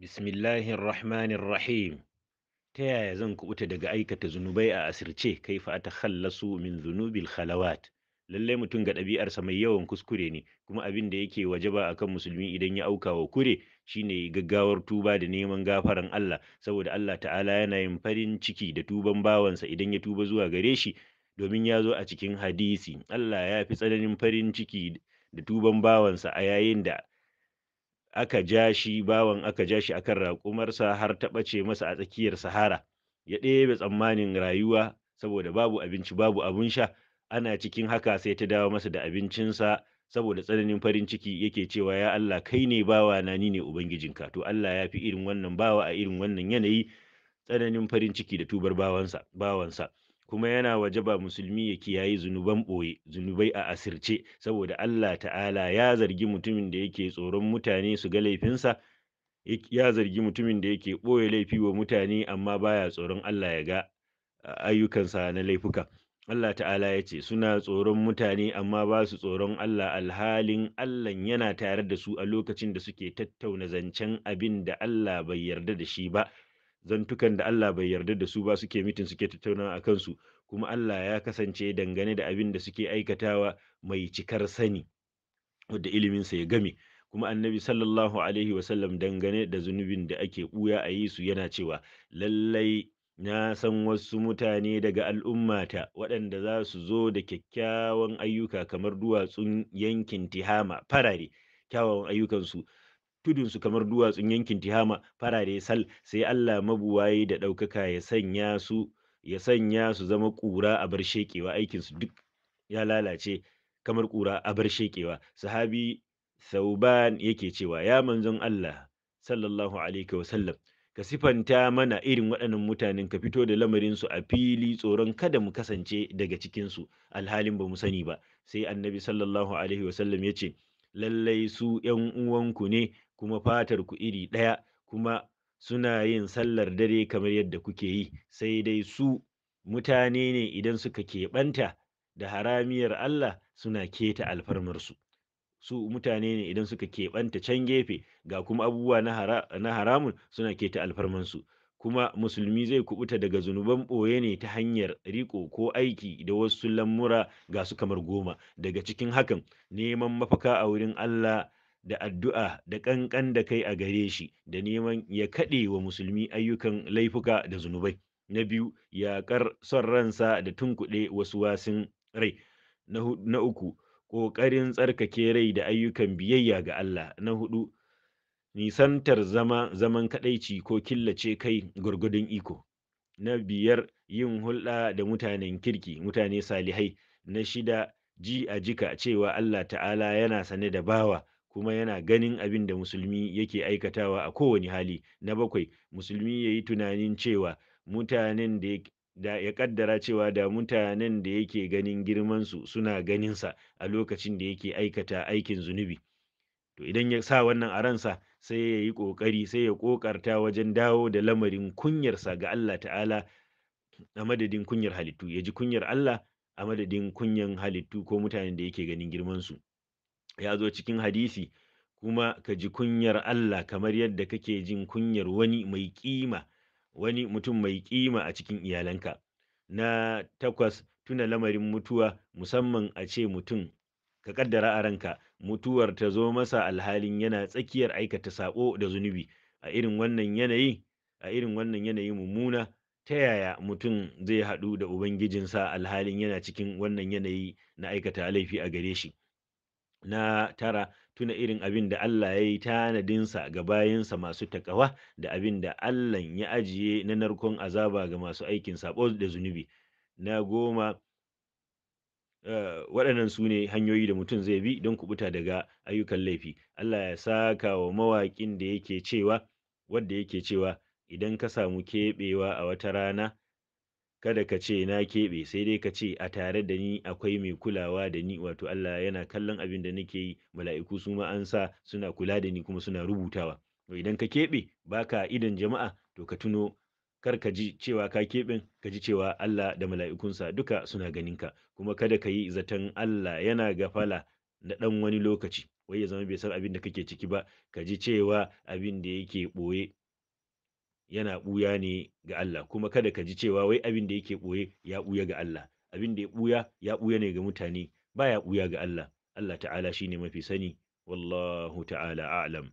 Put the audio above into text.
bismillahir rahmanir rahim ta yaya zan kubuta daga aikata zunubai a asirce kai fa ta khallasu min zunubil khalawat lallai mutum ga ɗabi'arsa mai yawan kuskure ne kuma abin da yake waje ba a kan musulmi idan ya auka wa kure shine gaggawar tuba da neman gafaran Allah saboda Allah ta'ala yana yin farin ciki da tuban bawansa idan ya tuba zuwa gare shi domin ya zo a cikin hadisi Allah ya fi tsananin farin ciki da tuban bawansa a yayin da aka ja shi bawan aka ja shi akan raƙumarsa har ta ɓace masa a tsakiyar sahara ya ɗebe tsammanin rayuwa saboda babu abinci babu abun sha ana cikin haka sai ta dawo masa da abincinsa saboda tsananin farin ciki yake cewa ya Allah kai ne bawa na ni ne ubangijinka to Allah ya fi irin wannan bawa a irin wannan yanayi tsananin farin ciki da tubar bawansa bawansa kuma yana waje ba musulmi ya kiyaye zunuban ɓoye zunubai a asirce saboda Allah ta'ala ya zargi mutumin da yake tsoron mutane su ga laifinsa ya zargi mutumin da yake ɓoye laifi wa mutane amma baya tsoron Allah ya ga ayyukansa na laifuka Allah ta'ala ya ce suna tsoron mutane amma ba su tsoron Allah alhalin Allah yana tare da su a lokacin da suke tattauna zancen abin da Allah bai yarda da shi ba zantukan da Allah bai yarda da su ba suke mitin suke tattauna a kansu kuma Allah ya kasance dangane da abin da suke aikatawa mai cikar sani wadda iliminsa ya game kuma annabi sallallahu alaihi wasallam dangane da zunubin da ake buya a yi su yana cewa lallai na san wasu mutane daga al'ummata waɗanda za su zo da kyakkyawan ayyuka kamar duwatsun yankin tihama farare kyawawan ayyukansu tudunsu kamar duwatsun yankin tihama farare sal sai allah mabuwaye da ɗaukaka ya sanya su ya sanya su zama ƙura a bar shekewa aikinsu duk ya lalace kamar ƙura a bar shekewa sahabi sauban yake cewa ya manzon allah sallallahu alaihi sallam ka sifanta mana irin waɗannan mutanen ka fito da lamarin su a fili tsoron kada mu kasance daga cikin su alhalin ba mu sani ba sai annabi sallallahu alaihi ya ce lallai su ‘yan uwanku ne kuma fatar ku iri ɗaya kuma suna yin sallar dare kamar yadda kuke yi sai dai su mutane ne idan suka keɓanta da haramiyar Allah suna keta alfarmarsu su mutane ne idan suka keɓanta can gefe ga kuma abubuwa na, hara, na haramun suna keta su, kuma musulmi zai kubuta daga zunuban ɓoye ne ta hanyar riko ko aiki da wasu lamura ga su kamar goma daga cikin hakan neman mafaka a wurin Allah da addu'a da ƙanƙan da kai a gare shi da neman ya kaɗe wa musulmi ayyukan laifuka da zunubai na biyu yaƙar son ransa da tunkuɗe wasu wasin rai na uku ƙoƙarin tsarkake rai da ayyukan biyayya ga Allah na hudu nisantar zama zaman kaɗaici ko killace kai gwargwadon iko na biyar yin hulɗa da mutanen kirki mutane salihai na shida ji a jika cewa Allah ta'ala yana sane da bawa kuma yana ganin abin da musulmi yake aikatawa a kowane hali na bakwai musulmi ya yi tunanin cewa mutanen da da ya kaddara cewa da mutanen da yake ganin girmansu suna ganinsa a lokacin da yake aikata aikin zunubi to idan ya sa wannan a ransa sai ya yi ƙoƙari sai ya ƙoƙarta wajen dawo da lamarin kunyarsa ga Allah ta'ala a madadin kunyar halittu ya ji kunyar Allah a madadin kunyan halittu ko mutanen da yake ganin girmansu ya zo cikin hadisi kuma ka ji kunyar Allah kamar yadda kake jin kunyar wani mai kima wani mutum mai ƙima a cikin iyalanka na takwas tuna lamarin mutuwa musamman a ce mutum ka kaddara a ranka mutuwar ta zo masa alhalin yana tsakiyar aikata sabo da zunubi a irin wannan yanayi a irin wannan yanayi mummuna ta yaya mutum zai haɗu da ubangijinsa alhalin yana cikin wannan yanayi na aikata laifi a gare shi na tara tuna irin abin da Allah ya yi tanadinsa ga bayansa masu takawa da abin da Allah ya ajiye na narkon azaba ga masu aikin sabo da zunubi na goma eh, waɗannan su ne hanyoyi da mutum zai bi don kubuta daga ayyukan laifi Allah ya saka wa mawaƙin da yake cewa wadda yake cewa idan ka samu keɓewa a wata rana kada ka ce na keɓe sai dai ka ce a tare da ni akwai mai kulawa da ni wato Allah yana kallon abin da nake yi mala'iku su ma an sa suna kula da ni kuma suna rubutawa to idan ka keɓe baka idan jama'a to ka tuno kar ka ji cewa ka keɓe ka ji cewa Allah da mala'ikunsa duka suna ganinka kuma kada ka yi zaton Allah yana gafala na ɗan wani lokaci wai ya zama bai san abin da kake ciki ba ka ji cewa abin da yake ɓoye yana ɓuya ne ga Allah kuma kada ka ji cewa wai abin da yake ɓoye ya ɓuya ga Allah abin da ya ɓuya ya ɓuya ne ga mutane Ba ya ɓuya ga Allah Allah ta'ala shine mafi sani wallahu ta'ala a'lam